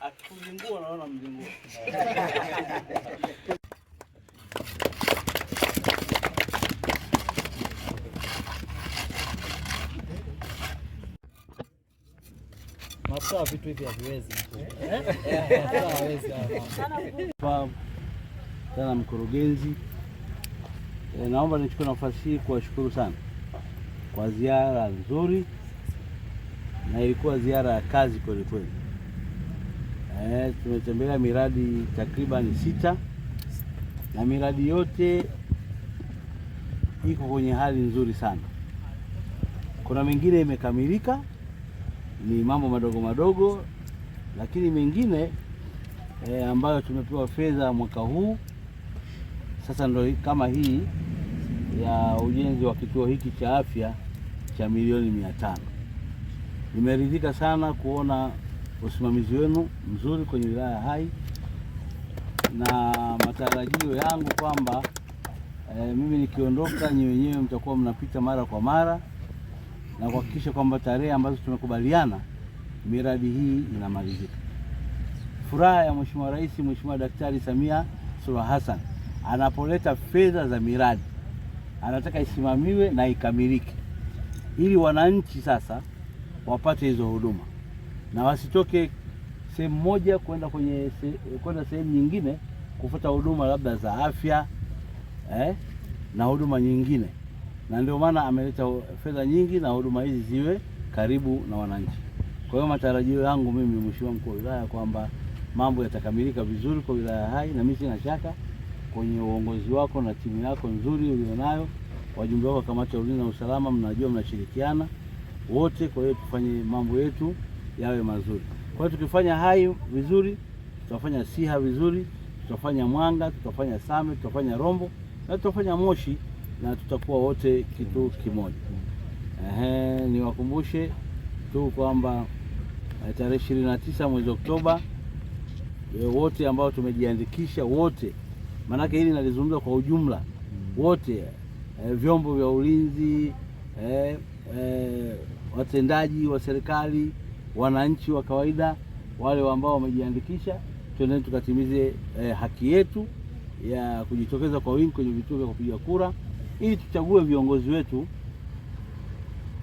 Akizingua naona mzingua. Mafuta vitu hivi haviwezi. Eh? Eh? Sana mkurugenzi, eh, naomba nichukue nafasi hii kuwashukuru sana kwa ziara nzuri, na ilikuwa ziara ya kazi kwelikweli eh, tumetembelea miradi takribani sita na miradi yote iko kwenye hali nzuri sana. Kuna mingine imekamilika, ni mambo madogo madogo, lakini mengine eh, ambayo tumepewa fedha mwaka huu sasa, ndo kama hii ya ujenzi wa kituo hiki cha afya cha milioni mia tano. Nimeridhika sana kuona usimamizi wenu mzuri kwenye wilaya Hai na matarajio yangu kwamba e, mimi nikiondoka nyi wenyewe mtakuwa mnapita mara kwa mara na kuhakikisha kwamba tarehe ambazo tumekubaliana miradi hii inamalizika. Furaha ya Mheshimiwa Rais, Mheshimiwa Daktari Samia Suluhu Hassan anapoleta fedha za miradi, anataka isimamiwe na ikamilike ili wananchi sasa wapate hizo huduma na wasitoke sehemu moja kwenda kwenye kwenda sehemu nyingine kufuata huduma labda za afya eh, na huduma nyingine, na ndio maana ameleta fedha nyingi na huduma hizi ziwe karibu na wananchi. Kwa hiyo matarajio yangu mimi, Mheshimiwa Mkuu wa Wilaya, kwamba mambo yatakamilika vizuri kwa wilaya hai, na mimi sina shaka kwenye uongozi wako na timu yako nzuri ulionayo, wajumbe wako kamati ya ulinzi na usalama, mnajua mnashirikiana wote. Kwa hiyo tufanye mambo yetu yawe mazuri. Kwa hiyo tukifanya hayo vizuri, tutafanya Siha vizuri, tutafanya Mwanga, tutafanya Same, tutafanya Rombo na tutafanya Moshi na tutakuwa wote kitu kimoja. Ehe, niwakumbushe tu kwamba eh, tarehe ishirini na tisa mwezi Oktoba eh, wote ambao tumejiandikisha wote, maanake hili nalizungumza kwa ujumla wote, e, vyombo vya ulinzi e, e, watendaji wa serikali wananchi wa kawaida wale ambao wamejiandikisha, twendeni tukatimize eh, haki yetu ya kujitokeza kwa wingi kwenye vituo vya kupiga kura ili tuchague viongozi wetu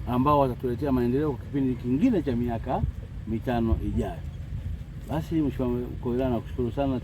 ambao watatuletea maendeleo kwa kipindi kingine cha miaka mitano ijayo. Basi Mheshimiwa Mkoila, nakushukuru sana